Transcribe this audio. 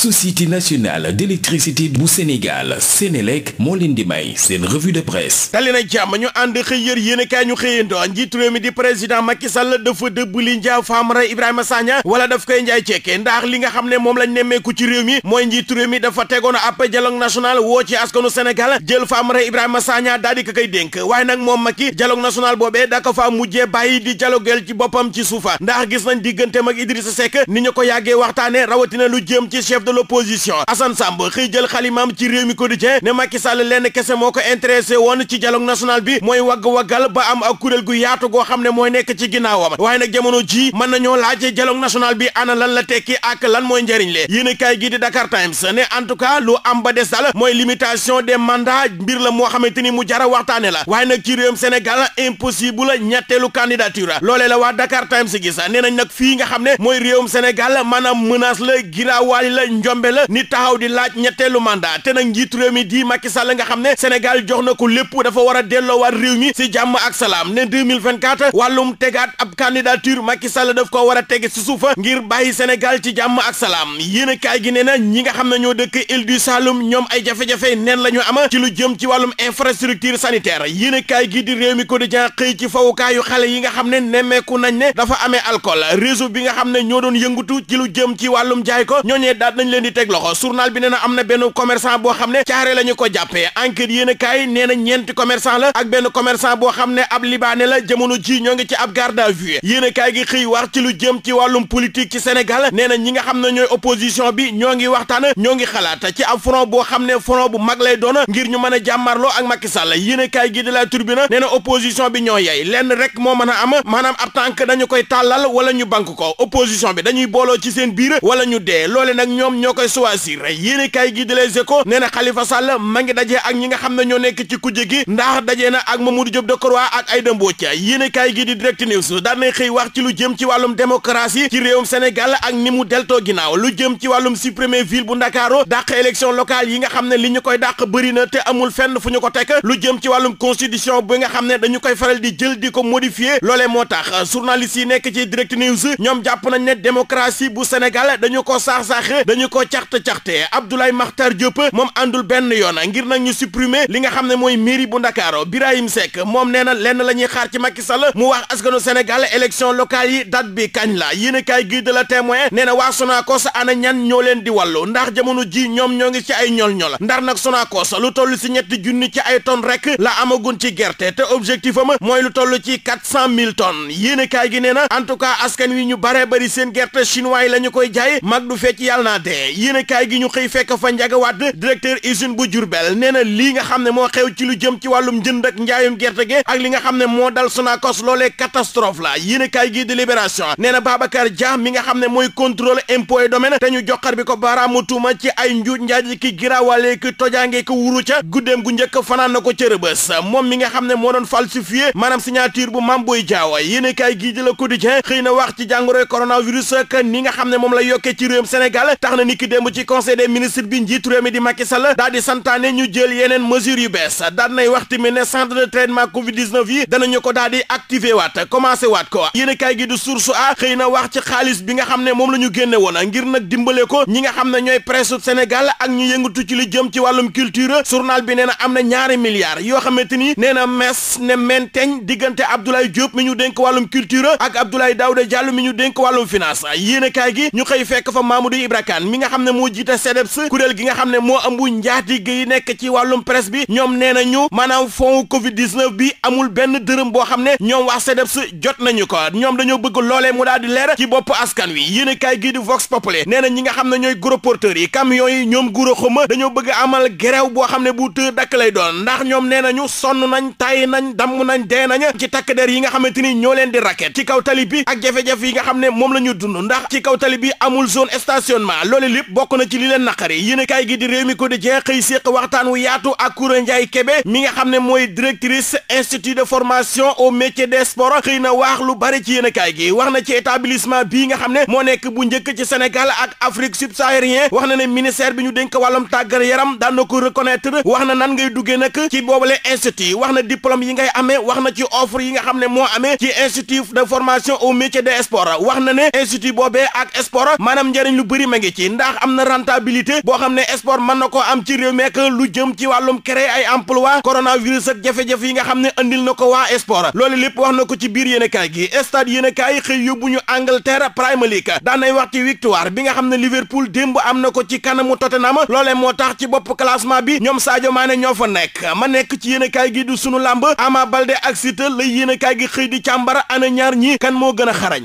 société nationale d'électricité bu Sénégal Sénélec moo leen di may seen revue de presse dali na jàmm ñu ànd xëy yër yéenekaay ñu xëyandoo njiitu réew mi di président Macky Sall dafa dëbb li njaaw Famara Ibrahima Sagna wala koy njaay ceekee ndax li nga xam ne moom lañ nemmeeku ci réew mi mooy njiitu réew dafa tegoon ab dialogue national woo ci askanu Sénégal jël Famara Ibrahima Sagna daal di ko koy dénk waaye nag moom Macky dialogue national boobee da ko faa mujjee bàyyi di dialogueel ci de l'opposition Assane Samb xëy jël xalimaam ci réew mi quotidien ne ma Sall lenn kese moo ko intéressé woon ci dialogue national bi mooy wagg-waggal ba am ak kuréel gu yaatu goo xam ne mooy nekk ci ginnaawam waaye nag jamono ji mën nañoo laajee dialogue national bi ana lan la tekki ak lan mooy njëriñ le yéen a kaay gi Dakar Times ne en lu am ba des mooy limitation des mandats mbir la moo xamante ni mu jara waxtaane la waaye nag ci réewum Sénégal impossible la ñetteelu candidature loolee la waa Dakar Times gis nee nañ nag fii nga xam ne mooy réewum njombe la nit taxaw di laaj ñetteelu mandat te na njiit réew mi di Macky Sall nga xam ne Sénégal jox na ko lépp dafa war a delloowaat réew mi si jàmm ak salaam ne 2024 wàllum tegaat ab candidature Macky Sall daf ko war a teg si suufa ngir bàyyi Sénégal ci jàmm ak salaam yéen a kaay gi nee na ñi nga xam ne ñoo dëkk île du Saloum ñoom ay jafe-jafe neen la ñu ama ci lu jëm ci wàllum infrastructure sanitaire yéen a kaay gi di réew mi quotidien xëy ci fawukaayu xale yi nga xam ne nemmeeku nañ ne dafa amee alcool réseau bi nga xam ne ñoo doon yëngutu ci lu jëm ci wàllum jaay ko dañ leen di teg loxo journal bi nee na am na benn commerçant boo xam ne caare la ñu ko jàppee enquête yéen a nee na ñeenti commerçant la ak benn commerçant boo xam ne ab libaane la jamono ji ñoo ngi ci ab garde à vue yéen a kaay gi xëy wax lu jëm ci wàllum politique ci Sénégal nee na ñi nga xam na ñooy opposition bi ñoo ngi waxtaan ñoo ngi xalaat ci ab front boo xam ne front bu mag lay doon ngir ñu mën a jàmmarloo ak Macky Sall yéen a kaay gi de la ne nee na opposition bi ñoo yey lenn rek moo mën a maanaam ab tànk koy tàllal wala ñu bank ko opposition bi dañuy booloo ci seen biir wala ñu dee loole nag ñoom ñoom ñoo koy choisir yéen kaay gi de Les Échos nee na Khalifa Sall ma ngi dajee ak ñi nga xam ne ñoo nekk ci kujje gi ndax daje na ak moom mu Mamadou Diop Decroix ak Aïda Mbodj yéen kaay gi di Direct News daan nañ xëy wax ci lu jëm ci wàllum démocratie ci réewum Sénégal ak ni mu deltoo ginnaaw lu jëm ci wàllum supprimer ville bu Ndakaaru dàq élection locale yi nga xam ne li ñu koy dàq bëri na te amul fenn fu ñu ko teg lu jëm ci wàllum constitution bi nga xam ne dañu koy faral di jël di ko modifier loolee moo tax journalistes yi nekk ci Direct News ñoom jàpp nañ ne démocratie bu Sénégal dañu ko saax ko caxt-caxtee Abdoulaye Makhtar Diop moom àndul benn yoon ngir nag ñu supprimer li nga xam ne mooy mairie bu Ndakaaru Birahim Seck moom nee na lenn la ñuy xaar ci Macky Sall mu wax askanu Sénégal élection locale yi date bi kañ la yéen kaay gi de la témoin nee na waa Sonacos ana ñan ñoo leen di wàllu ndax jamono ji ñoom ñoo ngi ci ay ñol-ñol ndar nag Sonacos lu toll si ñetti junni ci ay tonnes rek la amagun ci gerte te objectif am mooy lu toll ci quatre cent mille tonnes yéen gi nee na en tout cas askan wi ñu bare bari seen gerte chinois yi la koy jaay mag du fecc yàlla naa dee loolee yéenekaay gi ñu xëy fekk fa Ndiaga Wade directeur usine bu Diourbel nee na lii nga xam ne moo xew ci lu jëm ci wàllum jënd ak njaayum gerte gi ak li nga xam ne moo dal Sonacos loolee catastrophe la yéenekaay gi di Libération nee na Babacar Dia mi nga xam ne mooy contrôle impôt et domaine joxar bi ko baaraamu tuuma ci ay njuuj njaaj ki giraawalee ki tojaange ki wuru ca guddeem gu njëkk fanaan na ko ca Rëbës moom mi nga xam ne moo doon falsifié maanaam signature bu Mame Boye Diao yéenekaay gi di Le Quotidien xëy na wax ci jàngoroy coronavirus nga xam ne moom la yokkee ci réewum Sénégal ni ki démb ci conseil des bi njiitu réew mi di Macky Sall daal di santaane ñu jël yeneen mesures yu bees daan nay waxtu mi ne centre de traitement Covid 19 yi danañu ko daal di activé waat commencé waat ko yéen gi du source a xëy na wax ci xaalis bi nga xam ne moom la ñu génne woon ngir nag dimbale ko ñi nga xam ne ñooy presse Sénégal ak ñu yëngatu ci li jëm ci wàllum culture journal bi nee am na ñaari milliards yoo xamante ni nee na mes ne menteñ diggante Abdoulaye Diop mi ñu dénk wàllum culture ak Abdoulaye Daouda Diallo mi ñu dénk wàllum finance yéen gi ñu xëy fekk fa Mamadou Ibra mi nga xam ne moo jiite CDEPS kuréel gi nga xam ne moo ëmb njaatige yi nekk ci wàllum presse bi ñoom nee nañu maanaam fond Covid 19 bi amul benn dërëm boo xam ne ñoom waa jot nañu ko ñoom dañoo bëgg loolee mu daal di leer ci bopp askan wi yéen a kaay gii di Vox nee na ñi nga xam ne ñooy gros yi camions yi ñoom guro xuma dañoo bëgg amal grève boo xam ne bu tëë dakk lay ndax ñoom nee nañu sonn nañ tàyyi nañ damm nañ dee nañ ci takk der yi nga xamante ni ñoo leen di raket ci kaw tali bi ak jafe-jafe nga xam ne moom la ñu dund ndax ci kaw tali bi amul zone stationnement loole lépp bokk na ci li leen naqari yéen gi di réew mi ko di jeex xëy séq waxtaan wu yaatu ak Koura Ndiaye Kébé mi nga xam ne mooy directrice institut de formation au métier des sports xëy na waax lu bari ci yéen gi wax na ci établissement bii nga xam ne moo nekk bu njëkk ci Sénégal ak Afrique subsaharienne wax na ne ministère bi ñu dénk wàllum tàggat yaram daan na ko reconnaître wax na nan ngay duggee nag ci boobale institut wax na diplôme yi ngay amee wax na ci offre yi nga xam ne moo amee ci institut de formation au métier des sports wax na ne institut boobee ak sport maanaam njëriñ lu bëri ma ngi ci ndax am na rentabilité boo xam ne sport mën na ko am ci réew meek lu jëm ci wàllum kere ay emploi coronavirus ak jafe-jafe yi nga xam ne andil na ko waa sport loolu lépp wax na ko ci biir yéenekaay gi stade yéenekaay xëy yóbbu ñu Angleterre Premier League daanay wax ci victoire bi nga xam ne Liverpool démb am na ko ci kanamu na Tottenham loole moo tax ci bopp classement bi ñoom Sadio Mané ñoo fa nekk ma nekk ci yéenekaay gi du sunu làmb Ama Baldé ak Siteu la yéenekaay gi xëy di càmbara ana ñaar ñi kan moo gën a xarañ